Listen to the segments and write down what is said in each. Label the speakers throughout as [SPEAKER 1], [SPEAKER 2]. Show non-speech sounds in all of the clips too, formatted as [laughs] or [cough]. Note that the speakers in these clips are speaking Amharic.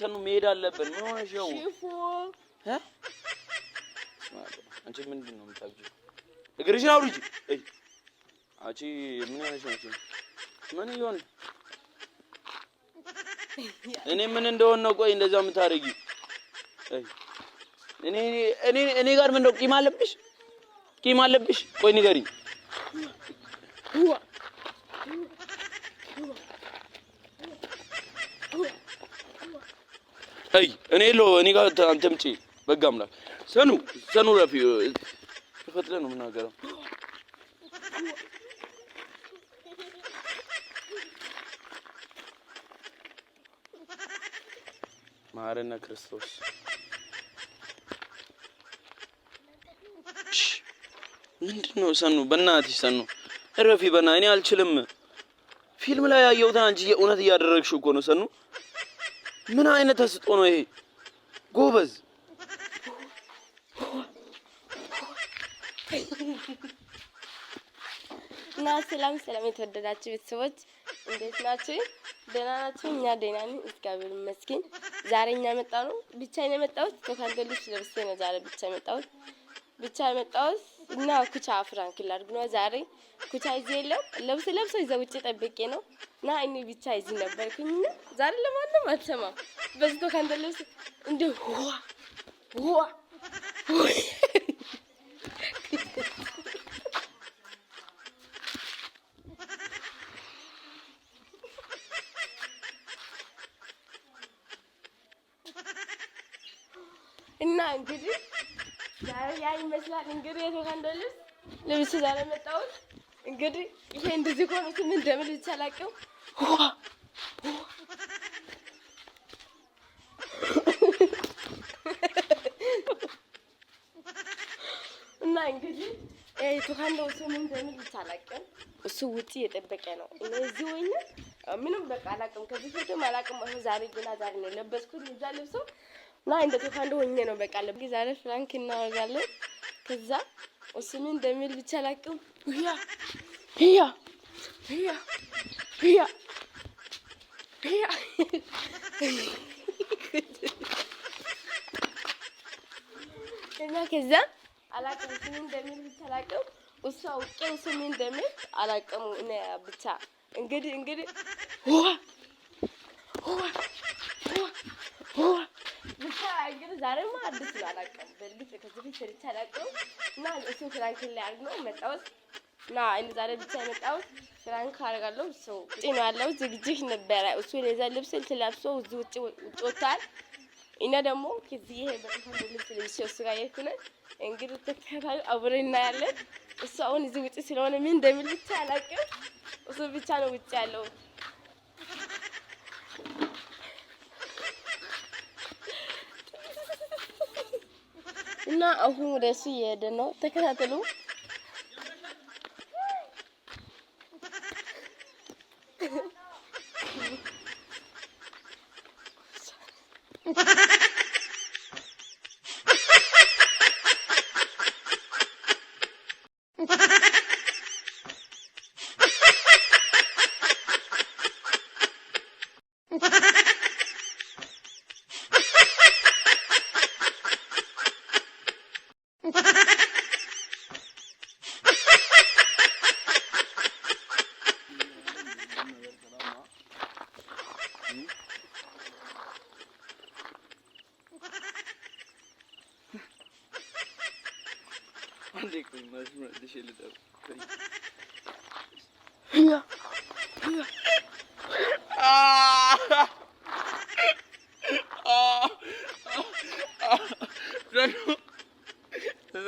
[SPEAKER 1] ሰኑ መሄድ አለብን። ምን ሆነሽ ነው? አንቺ ምንድን ነው የምታብጂው? እግርሽን አውሪጂ። አንቺ ምን ሆነሽ ነው? ምን ይሆን? እኔ ምን እንደሆነ ነው? ቆይ እንደዛ የምታደርጊ እኔ እኔ እኔ ጋር ምን ነው ቂም አለብሽ? ቂም አለብሽ? ቆይ ንገሪኝ አይ እኔ የለው እኔ ጋር አንተ ምጪ በጋ አምላክ ሰኑ ሰኑ ረፊ ተፈትለ ነው የምናገረው። ማረነ ክርስቶስ ምንድን ነው ሰኑ? በእናትሽ ሰኑ ረፊ በና እኔ አልችልም። ፊልም ላይ ያየሁት አንቺ እውነት እያደረግሽው እኮ ነው ሰኑ ምን አይነት ተስጦ ነው ይሄ? ጎበዝ
[SPEAKER 2] እና ሰላም ሰላም፣ የተወደዳችሁ ቤተሰቦች እንዴት ናችሁ? ደህና ናችሁ? እኛ ደህና ነን፣ እግዚአብሔር ይመስገን። ዛሬ እኛ መጣ ነው ብቻዬን የመጣሁት ከካንገሎች ለብሼ ነው ዛሬ ብቻ የመጣሁት ብቻ የመጣሁት እና ኩቻ ፍራንክ አድርግ ነው ዛሬ ኩቻ እዚህ የለም ለብሶ ለብሶ ይዘ ውጭ ጠብቄ ነው እና እኔ ብቻ እዚህ ነበርኩኝ። ዛሬ ለማንም አልሰማም። በዚህ ካንተ ልብስ እንደ ዋ ዋ ይመስላል እንግዲህ የተጋንደ ልብስ ልብስ ላለመጣሁት እንግዲህ ይሄ እንደዚህ ቆኑት ምን እንደምን ይቻላቀው እና እንግዲህ ቱካንዳው ሰው ምን እንደምን ይቻላቀው እሱ ውጪ የጠበቀ ነው። እኔ እዚህ ምንም በቃ አላውቅም፣ ከዚህ ፎቶም አላውቅም። አሁን ዛሬ ግን ዛሬ ነው የለበስኩት እዛ ልብሶ እና እንደ ቱካንዳው ሆኜ ነው በቃ ለብ ዛሬ ፍራንክ እናወጋለን። ከዛ ስምን እንደሚል ብቻ አላውቅም። ህያ ህያ ህያ ህያ ህያ እና ከዛ አላውቅም ስምን እንደሚል ብቻ አላውቅም። እሱ አውቄው ስምን እንደሚል አላውቅም እኔ ብቻ እንግዲህ እንግዲህ ዛሬማ አዲስ ነው አላውቅም። በልብስ ከዚህ ፊት ሰርቼ አላውቅም እና እሱ ፍራንክ ላይ አድርግ ነው መጣሁት እና ዛሬ ብቻ የመጣሁት ፍራንክ አደርጋለሁ። እሱ ውጪ ነው ያለው ዝግጅት ነበረ። እሱ የዛ ልብስ ልብሶ ውጭ ወጥቷል። እኔ ደግሞ ከዚህ ይሄ በጣም ልብስ ልብስ እሱ ጋር የሄድኩ ነን። እንግዲህ ተከታታይ አብረን እናያለን። እሱ አሁን እዚህ ውጪ ስለሆነ ምን እንደሚል ብቻ አላውቅም። እሱ ብቻ ነው ውጪ ያለው። እና አሁን ወደ እሱ እየሄደ ነው። ተከታተሉ። [laughs]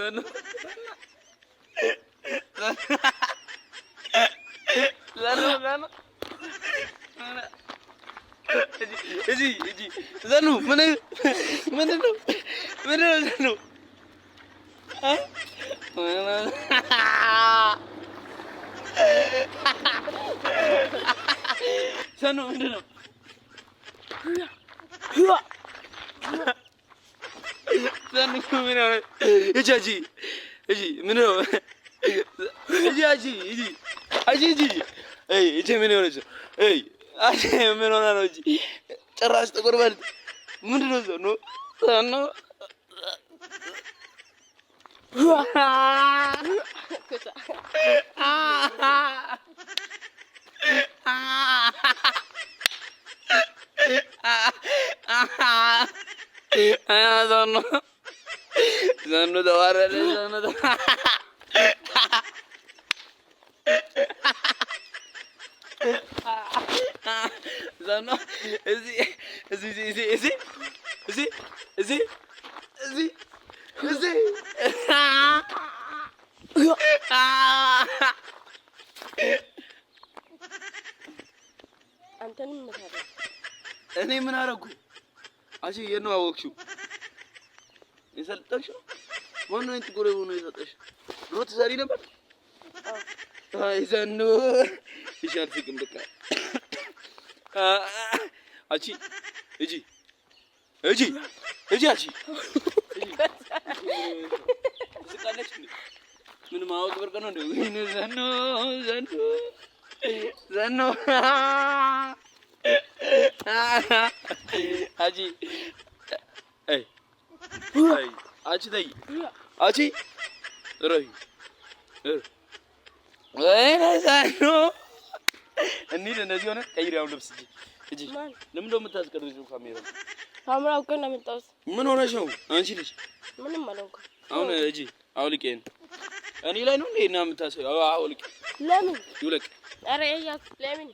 [SPEAKER 2] เกิน አይ እጄ ምን የሆነች እይ አይ ምን ሆና ነው እንጂ ጭራሽ ጥቁር በልጥ ምንድን ነው ዘኖ ዘኖ ዘኖ ዘኖ ተዋረደ ዘኖ ዛና እዚ እዚ እዚ እኔ ምን አደረኩ? አንቺ የት ነው አወቅሽው? የሰለጠንሽው ማነው? የት ጎረቤት ነው የሰጠሽ? ድሮ ትሰሪ ነበር። አይ ዘንድሮ ልጅ አልፍቅም። በቃ አቺ እጂ እጂ እጂ አቺ ምን ማወቅ ብርቅ ነው እንዴ? ዘኖ ዘኖ ዘኖ አጂ አይ አጂ ታይ አጂ ረይ ወይ ዘኖ እንሂድ። እንደዚህ ሆነ ቀይሪያውን ልብስ እጂ ለምን ነው የምታስቀርጂው? ካሜራ ካሜራ እኮ ነው የመጣሁት። ምን ሆነሽ ነው አንቺ ልጅ? ምንም አልሆንኩም። አሁን እጂ አውልቄ እኔ ላይ ነው እንዴ? እና የምታስቀር አውልቄ ለምን ይውለቅ? ኧረ እያት ለምን?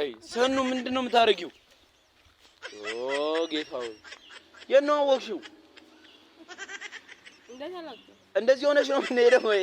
[SPEAKER 2] አይ ሰኑ ምንድን ነው የምታደርጊው? ኦ ጌታ ሆይ የት ነው አወቅሽው? እንደዚህ ሆነሽ ነው የምንሄደው ወይ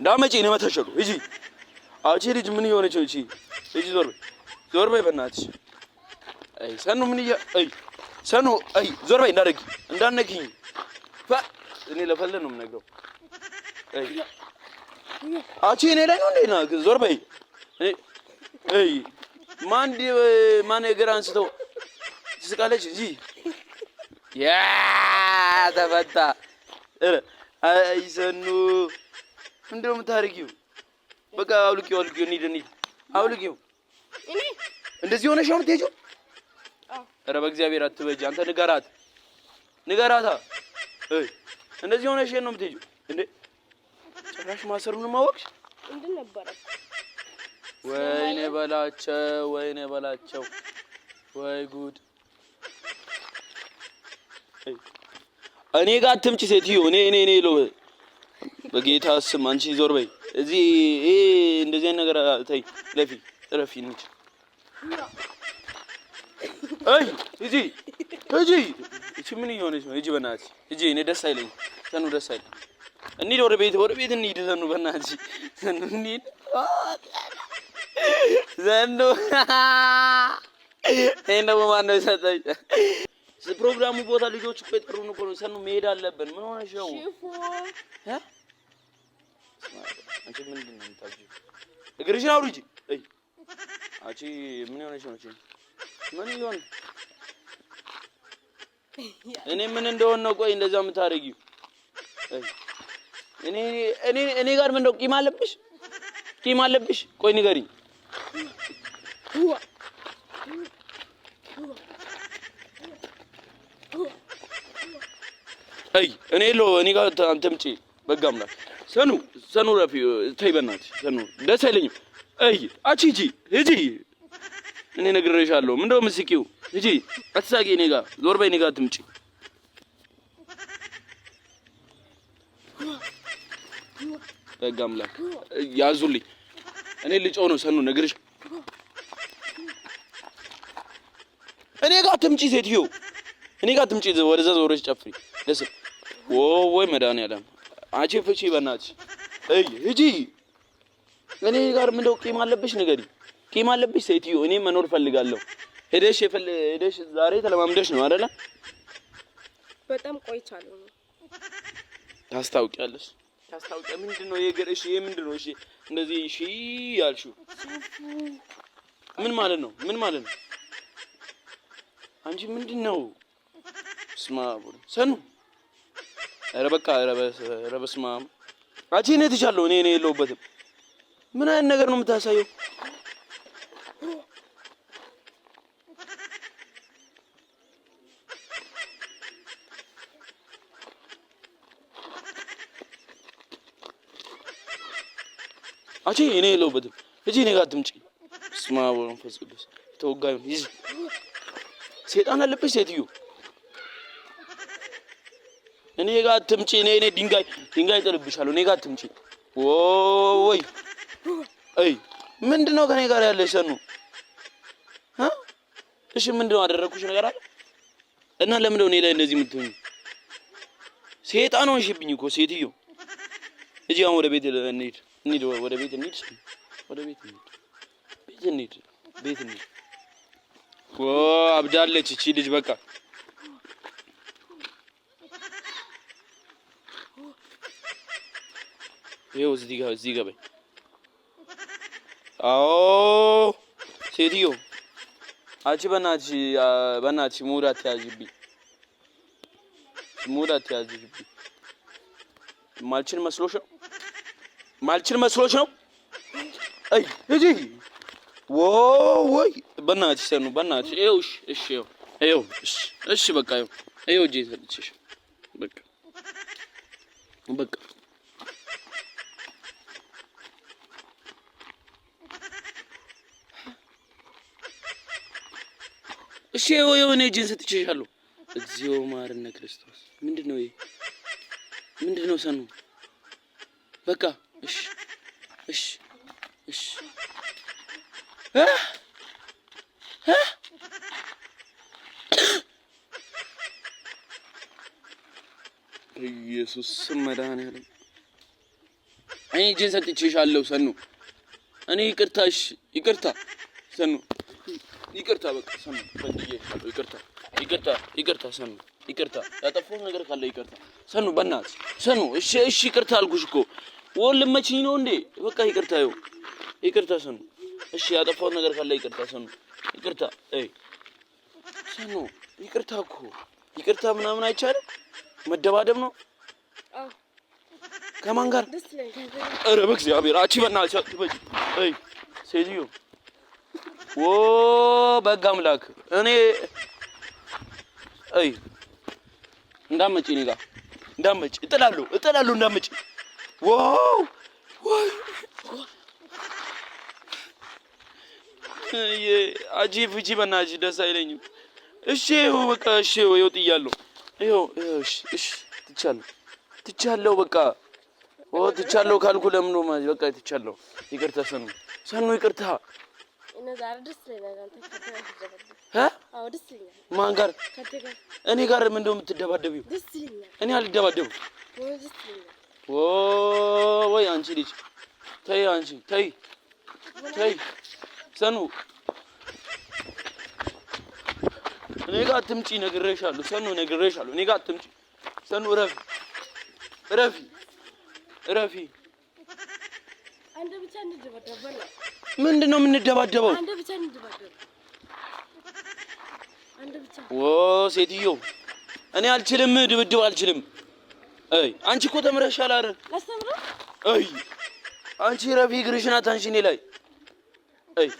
[SPEAKER 2] እንዳመጪ ነው መተሸሉ እጂ አቺ ልጅ ምን የሆነች ነው? እቺ እጂ ዞር በይ ዞር በይ በእናትሽ። አይ ሰኑ ምን ይያ አይ ሰኑ አይ ዞር በይ እንዳደርጊ እንዳነኪኝ ፋ እኔ ለፈለ ነው የምነግረው። አይ አቺ እኔ ላይ ነው እንደና ዞር በይ አይ ማን ዲ ማን የግር አንስተው ትስቃለች እንጂ ያ ተፈታ። አይ ሰኑ ምንድን ነው የምታደርጊው? በቃ አውልቂው፣ አውልቂው፣ እንሂድ፣ እንሂድ፣ አውልቂው። እኔ እንደዚህ ሆነሽ ነው የምትሄጂው? ኧረ በእግዚአብሔር አትበጅ። አንተ ንገራት፣ ንገራታ። እይ እንደዚህ ሆነሽ ነው የምትሄጂው እንዴ? ጭራሽ ማሰሩንም አወቅሽ? እንድን ነበረ። ወይኔ በላቸው፣ ወይኔ በላቸው፣ ወይ ጉድ! እኔ ጋር አትምጪ ሴትዮ። እኔ እኔ እኔ ለው በጌታ ስም አንቺ ዞር በይ። እዚህ ይሄ እንደዚህ ነገር አታይ። ለፊ ጥረፊ እንጂ አይ እዚ እዚ እቺ ምን እየሆነች ነው? እጂ በእናትሽ እጂ። እኔ ደስ አይለኝ ዘኑ፣ ደስ አይለኝ። እንሂድ ወደ ቤት፣ ወደ ቤት እንሂድ ዘኑ፣ በእናትሽ ዘኑ፣ እንሂድ ዘኑ። ይሄን ደግሞ ማነው የሰጠኝ? ፕሮግራሙ ቦታ ልጆች እኮ የጠሩን እኮ ነው። ሰኑ መሄድ አለብን። ምን ሆነሽ ነው? አንቺ ምንድን ነው የምታውቂው? እግርሽን አውሪጂ። አይ አንቺ ምን ሆነሽ ነው? ምን ይሆን? እኔ ምን እንደሆነ ነው? ቆይ እንደዛ የምታደርጊው እኔ እኔ እኔ ጋር ምን ነው? ቂም አለብሽ? ቂም አለብሽ? ቆይ ንገሪኝ አይ እኔ ሎ እኔ ጋር አንተም ጪ በጋ አምላክ ሰኑ ሰኑ ረፊ ተይ በእናትሽ ሰኑ ደስ አይለኝም። አይ አቺ ሂጂ ሂጂ እኔ ነግሬሻለሁ። ምንድነው ነው የምትስቂው? ሂጂ አትሳቂ። እኔ ጋር ዞር በይ። እኔ ጋር አትምጪ። በጋ አምላክ ያዙልኝ። እኔ ልጮ ነው ሰኑ ነግርሽ እኔ ጋር አትምጪ ሴትዮ፣ እኔ ጋር አትምጪ። ወደዛ ዞረሽ ጨፍሪ ደስ ወይ መድኃኒዓለም አንቺ ፍቺ በእናትሽ እይ ሂጂ። እኔ ጋር ምንድነው ቂም አለብሽ? ንገሪ። ቂም አለብሽ ሴትዮ? እኔ መኖር ፈልጋለሁ። ሄደሽ ሄደሽ ዛሬ ተለማምደሽ ነው አይደለ? በጣም ቆይቻለሁ። ታስታውቂያለሽ። ታስታውቂ ምንድነው የገር እሺ፣ ምንድነው እሺ፣ እንደዚህ እሺ ያልሽው ምን ማለት ነው? ምን ማለት ነው? አንቺ ምንድነው ስማ ሰኑ ኧረ በቃ ኧረ በስመ አብ አንቺ እኔ ትቻለሁ እኔ እኔ የለሁበትም። ምን አይነት ነገር ነው የምታሳየው? አንቺ እኔ የለሁበትም። እጂ እኔ ጋር አትምጪ። በስመ ወንፈስ ወመንፈስ ቅዱስ ተወጋዩ ሴጣን አለብሽ ሴትዮ እኔ ጋር አትምጪ። እኔ እኔ ድንጋይ ድንጋይ ጥልብሻለሁ። እኔ ጋር አትምጪ። ወይ አይ ምንድነው ከኔ ጋር ያለሽ ሰኑ? እሺ ምንድነው ነው አደረግኩሽ ነገር አለ እና ለምንድን ነው እኔ ላይ እንደዚህ የምትሆኝ? ሴጣን ሆንሽብኝ እኮ ሴትዮ። እዚህ አሁን ወደ ቤት እንሂድ፣ እንሂድ፣ ወደ ቤት እንሂድ፣ ወደ ቤት እንሂድ፣ ቤት እንሂድ፣ ቤት እንሂድ። አብዳለች እቺ ልጅ በቃ ይኸው እዚህ ጋር እዚህ ገበኝ። አዎ ሴትዮ አንቺ በእናትሽ በእናትሽ ሙድ አትያዥብኝ፣ ሙድ አትያዥብኝ። ማልችል መስሎሽ ነው፣ ማልችል መስሎሽ ነው። አይ እጂ ወይ በእናትሽ ሰኑ፣ በእናትሽ ይኸው። እሺ እሺ ይኸው እሺ እሺ በቃ ይኸው ይኸው እጄ ሰጥቼሽ በቃ በቃ እሺ የሆነ እጄን ሰጥቼሻለሁ። እግዚኦ ማርነ ክርስቶስ። ምንድን ነው ይሄ? ምንድን ነው ሰኑ? በቃ እሺ፣ እሺ፣ እሺ። ኢየሱስ መድኃኒዓለም እኔ እጄን ሰጥቼሻለሁ ሰኑ። እኔ ይቅርታሽ፣ ይቅርታ ሰኑ ይቅርታ በቃ ስም በድዬ ይቅርታ ይቅርታ ይቅርታ ስም ይቅርታ ያጠፋሁት ነገር ካለ ይቅርታ ሰኑ በእናት ሰኑ እሺ እሺ ይቅርታ አልኩሽ እኮ ወል ልመችኝ ነው እንዴ በቃ ይቅርታ ይኸው ይቅርታ ሰኑ እሺ ያጠፋሁት ነገር ካለ ይቅርታ ሰኑ ይቅርታ አይ ሰኑ ይቅርታ እኮ ይቅርታ ምናምን አይቻልም መደባደብ ነው ከማን ጋር ኧረ በእግዚአብሔር አቺ በእናትሽ አትበይ አይ ሴትዮ ኦ በጋ አምላክ እኔ አይ እንዳመጪ እኔ ጋር እንዳመጪ እጥላለሁ እጥላለሁ እንዳመጪ ዋው አጂ ፍጂ በናጂ ደስ አይለኝም። እሺ ይኸው በቃ እሺ ይኸው ጥያለሁ። ይኸው እሺ እሺ ትቻለሁ ትቻለሁ በቃ ኦ ትቻለሁ ካልኩ ለምን ነው በቃ ትቻለሁ። ይቅርታ ሰኑ ሰኑ ይቅርታ ማን ጋር? እኔ ጋር ምን እንደው የምትደባደቢው? እኔ አልደባደብም። ወይ አንቺ ልጅ ተይ፣ አንቺ ተይ፣ ተይ ሰኑ እኔ ጋር አትምጪ፣ ነግሬሻለሁ። ሰኑ ነግሬሻለሁ። እኔ ጋር አትምጪ ሰኑ። እረፊ፣ እረፊ፣ እረፊ። ምንድን ነው የምንደባደበው? ኦ ሴትዮ እኔ አልችልም፣ ድብድብ አልችልም። አይ አንቺ እኮ ተምረሻል አይደል? አይ አንቺ ረፊ ግርሽና ታንሽኔ ላይ አይ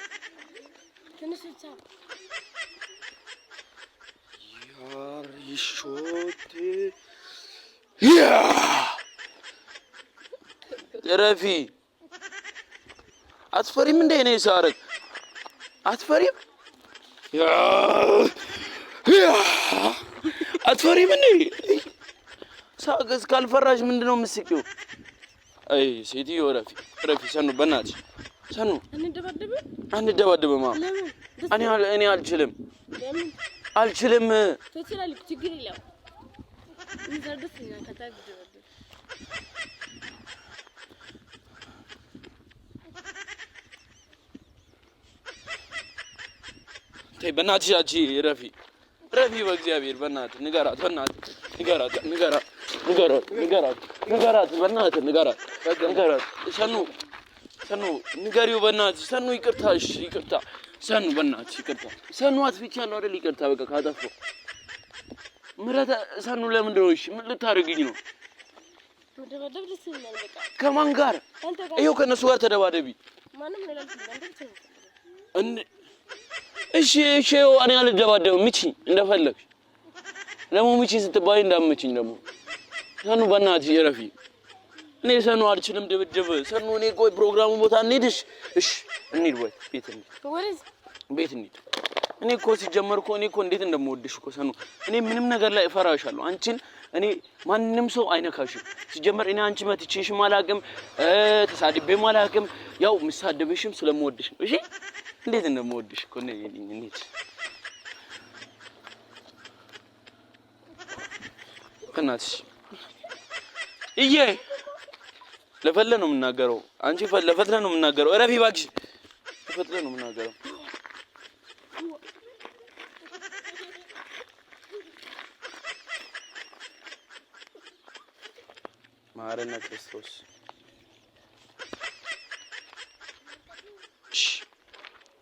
[SPEAKER 2] ረፊ አትፈሪም እንደ እኔ ሳረግ አትፈሪም አትፈሪም እንዴ? ሳገዝ ካልፈራሽ ምንድን ነው የምትስቂው? አይ ሴትዮ ረፊ ረፊ ሰኑ በእናትሽ ሰኑ ማ እኔ እኔ አልችልም አልችልም ተይ በእናትሽ አንቺ ረፊ ረፊ በእግዚአብሔር በእናትህ ንገራት፣ በእናትህ ንገራት፣ ንገራት፣ ንገራት፣ ንገራት፣ ንገራት፣ በእናትህ ንገራት፣ ንገራት። ሰኑ ሰኑ ንገሪው በእናትህ ሰኑ፣ ይቅርታ፣ እሺ፣ ይቅርታ ሰኑ፣ በእናትህ ይቅርታ። ሰኑ አጥፍቻለሁ አይደል? ይቅርታ፣ በቃ ካጠፋሁ ምሕረት። ሰኑ ለምንድን ነው? እሺ፣ ምን ልታደርግኝ ነው? ከማን ጋር? ይኸው ከእነሱ ጋር ተደባደቢ። እሺ እሺ፣ እኔ አልደባደብም። ምቺ እንደፈለግሽ ደግሞ ምቺ ስትባይ እንዳምችኝ ደግሞ ሰኑ፣ በእናትሽ እረፊ። እኔ ሰኑ አልችልም ድብድብ። ሰኑ እኔ ቆይ ፕሮግራሙ ቦታ እንሂድሽ። እሺ እንሂድ፣ ወይ ቤት እንሂድ፣ ቤት እንሂድ። እኔ እኮ ሲጀመር እኮ እኔ እኮ እንዴት እንደምወድሽ እኮ ሰኑ፣ እኔ ምንም ነገር ላይ እፈራሻለሁ። አንቺን እኔ ማንም ሰው አይነካሽም። ሲጀመር እኔ አንቺ መትቼሽም አላውቅም፣ ተሳድቤም አላውቅም። ያው ምሳደብሽም ስለምወድሽ ነው። እሺ እንዴት እንደምወድሽ እኮ ነው የኔ። እንዴት በእናትሽ እዬ ለፈለ ነው የምናገረው። አንቺ ለፈለ ነው የምናገረው። እረፊ እባክሽ። ለፈለ ነው የምናገረው። ማረነ ክርስቶስ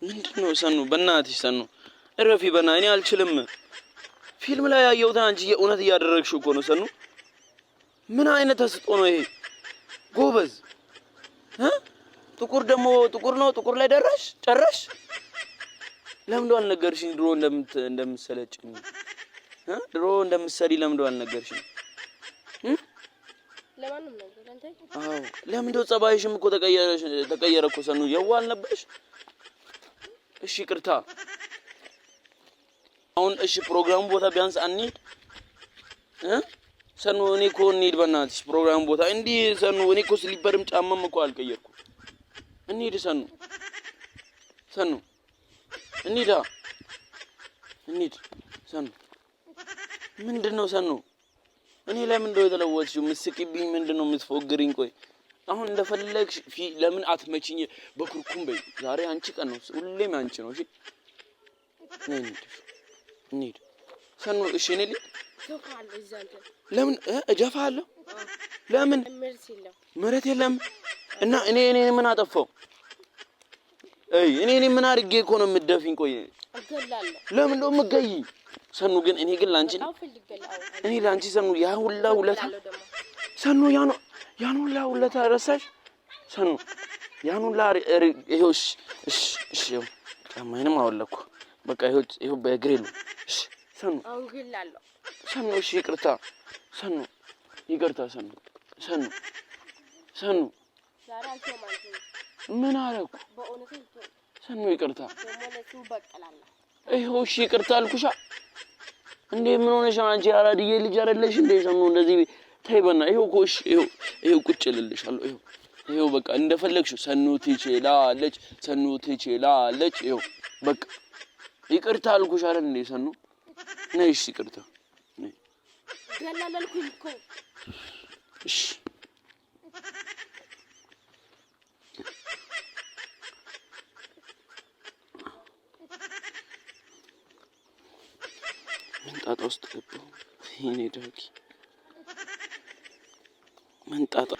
[SPEAKER 2] ምንድነው? ሰኑ በእናትሽ ሰኑ እረፊ፣ በና እኔ አልችልም። ፊልም ላይ ያየሁትን አንቺ የእውነት እያደረግሽ እኮ ነው ሰኑ። ምን አይነት ተስጦ ነው ይሄ? ጎበዝ ጥቁር ደግሞ ጥቁር ነው። ጥቁር ላይ ደረሽ ጨረሽ። ለምዶ አልነገርሽኝ ድሮ እንደምትሰለጭኝ ድሮ እንደምትሰሪ ለምዶ አልነገርሽኝ። ለማንም ነው አንተ አዎ፣ ለምዶ ጸባይሽም እኮ ተቀየረ ተቀየረ እኮ ሰኑ። የዋል ነበርሽ እሺ ቅርታ አሁን እሺ፣ ፕሮግራሙ ቦታ ቢያንስ አንሂድ ሰኑ። እኔ እኮ እንሂድ፣ በእናትሽ ፕሮግራሙ ቦታ እንዲህ ሰኑ። እኔ እኮ ስሊፐርም ጫማም እኮ አልቀየርኩ። እንሂድ ሰኑ፣ ሰኑ፣ እንሂድ፣ እንሂድ ሰኑ። ምንድን ነው ሰኑ? እኔ ለምን እንደው የተለወጥሽው? የምትስቂብኝ ምንድነው ነው የምትፎግሪኝ? ቆይ አሁን እንደፈለግሽ ለምን አትመችኝ? በኩርኩም በይ። ዛሬ አንቺ ቀን ነው፣ ሁሌም አንቺ ነው። እሺ እንሂድ ሰኑ። እሺ እኔ ለምን እጀፋለሁ? ለምን ምህረት የለም እና እኔ እኔ ምን አጠፋው? አይ እኔ እኔ ምን አድርጌ እኮ ነው የምትደፊኝ? ቆይ ለምን ነው የምትገይ? ሰኑ ግን እኔ ግን ላንቺ እኔ ላንቺ ሰኑ ያ ሁላ ሁለታ ሰኑ ያ ነው ያን ሁላ ውለታ ረሳሽ ሰኑ? ያን ሁላ ይኸው። እሺ፣ እሺ፣ እሺ። ጫማዬንም አወለኩ። በቃ ይሄው ይሄው በእግሬ ነው። እሺ ሰኑ፣ አውግላለሁ። ሰኑ፣ እሺ፣ ይቅርታ ሰኑ፣ ይቅርታ ሰኑ፣ ሰኑ፣ ሰኑ። ምን አረኩ? ሰኑ? ይቅርታ። ይኸው፣ እሺ፣ ይቅርታ አልኩሻ። እንዴ ምን ሆነሽ አንቺ? አራድዬ ልጅ አይደለሽ እንዴ ሰኑ? እንደዚህ ተይ በና ይሄው ኮሽ ይሄው ይሄው ቁጭ ልልሻለሁ ይሄው ይሄው በቃ እንደፈለግሽው ሰኑ ትችላለች፣ ሰኑ ትችላለች። ይሄው በቃ ይቅርታ አልኩሽ አይደል እንዴ? ሰኑ ነይ፣ እሺ፣ ይቅርታ ያላለልኩኝ እኮ እሺ። ምንጣጣ ውስጥ ገባሁ። ይሄኔ ዳጊ መንጣጣ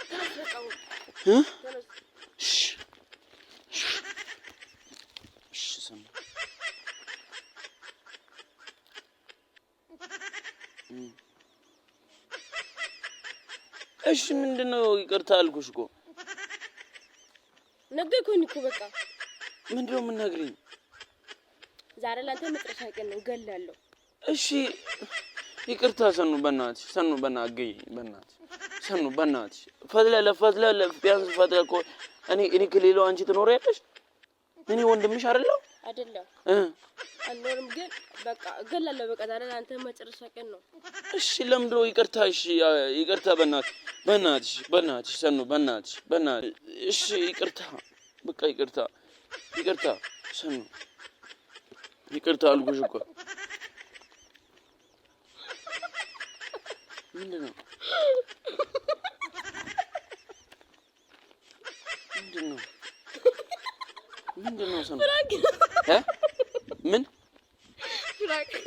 [SPEAKER 2] እሺ፣ ምንድን ነው? ይቅርታ አልኩሽ እኮ ነገርኩኝ እኮ በቃ። ምንድን ነው የምናግረኝ? ዛሬ ላንተ መጨረሻ ቀን ነው፣ እገላለሁ። እሺ፣ ይቅርታ ሰኑ፣ በእናትሽ ሰኑ፣ በእናትሽ በእናትሽ ሰኑ ነው በእናትሽ ፈትለ ለፈትለ ቢያንስ ፈትለ እኮ እኔ እኔ ከሌላው አንቺ ትኖር ያለሽ እኔ ወንድምሽ አይደለሁ አይደለሁ አልኖርም፣ ግን በቃ እገላለሁ። በቃ ታዲያ አንተ መጨረሻ ቀን ነው። እሺ ለምዶ ነው ይቅርታ? እሺ ይቅርታ፣ በእናት በእናትሽ በእናትሽ ሰኑ በእናትሽ በእናትሽ እሺ ይቅርታ፣ በቃ ይቅርታ፣ ይቅርታ ሰኑ ይቅርታ አልኩሽ እኮ ምንድን ነው ምንድን ነው ምንድን ነው ስሙ እ ምን ምን አልሽ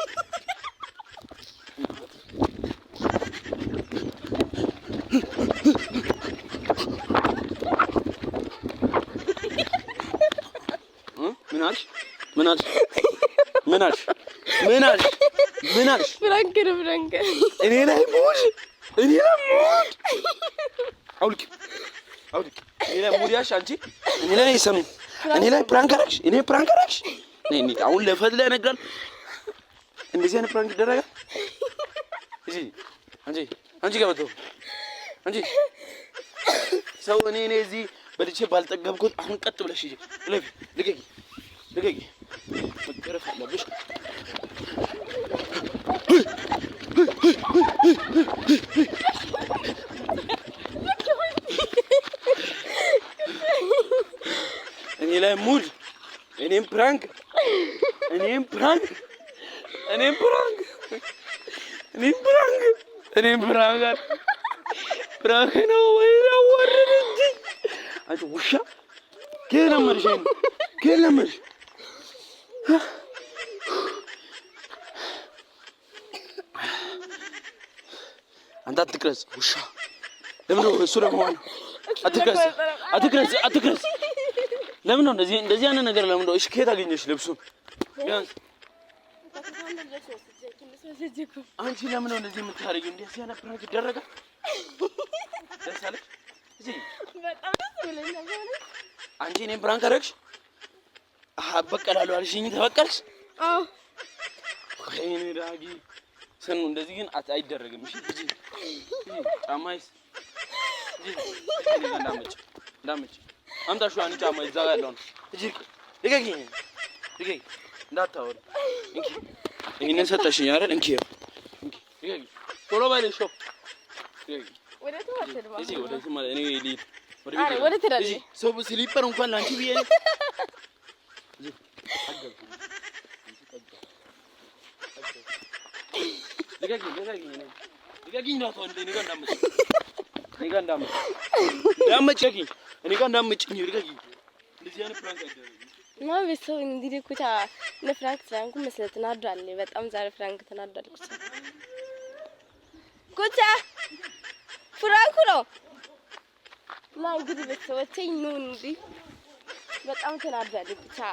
[SPEAKER 2] ምን አልሽ ምን አልሽ ፍራንክ ነው ፍራንክ እኔ ላይ ሙሽ ነሽ አንቺ። እኔ ላይ ሰምን እኔ ላይ ፕራንክ አደረግሽ። እኔ ፕራንክ አደረግሽ። እኔ እንዴት አሁን ለፈትለ ያነግራል። እንደዚህ አይነት ፕራንክ ይደረጋል። እሺ አንቺ አንቺ ጋር አንቺ ሰው እኔ እኔ እዚህ በልቼ ባልጠገብኩት አሁን ቀጥ ብለሽ ይጂ ለብ ልቀቂ ልቀቂ። መገረፍ አለብሽ። ላይ ሙድ እኔም ፕራንክ እኔም ፕራንክ እኔም ፕራንክ እኔም ፕራንክ እኔም ፕራንክ ፕራንክ ነው ወይ ነው ወረደ እንጂ አንቺ ውሻ ከለመድሽ ከለመድሽ አንተ አትቅረጽ ውሻ ለምን እሱ ለመሆን አትቅረጽ አትቅረጽ አትቅረጽ ለምን ነው እንደዚህ እንደዚህ ያለ ነገር ለምን ነው? እሺ ከየት አገኘሽ ልብሱን? አንቺ ለምን ነው እንደዚህ የምታደርጊው? እንደዚህ ያለ ፕራንክ ይደረጋል? ደስ አለሽ? እዚህ በጣም ደስ ብለኛል። አንቺ እኔን ፕራንክ አደረግሽ? አበቀላለሁ አልሽኝ፣ ተበቀልሽ። አዎ ወይኔ ዳጊ ሰኑ፣ እንደዚህ ግን አይደረግም። እሺ እዚህ ጫማይስ እዚህ እንዳመጭ እንዳመጭ አምጣሽ ያን ጫማ እዛ ጋር ያለውን እጅግ ልቀቂኝ፣ ልቀቂኝ እንዳታወሪ። እንኪ ይሄንን ሰጠሽኝ አይደል? እንኪ እንኪ ቶሎ በል እሺ። ሰው ስሊፐር እንኳን ለአንቺ ብዬ ልቀቂኝ። እንዳትሆን እንዳመጭ እኔ ጋር እንዳትመጭኝ እርገግ። እንደዚህ አይነት ፕራንክ አይደለም ማለት ቤተሰብ እንግዲህ ኩታ ለፍራንክ ፍራንኩ መስለ ተናዷል። በጣም ዛሬ ፍራንክ ተናዷል። ኩታ ኩታ ፍራንኩ ነው እና እንግዲህ ቤተሰቦቼ ነው እንግዲህ በጣም ተናዷል ኩታ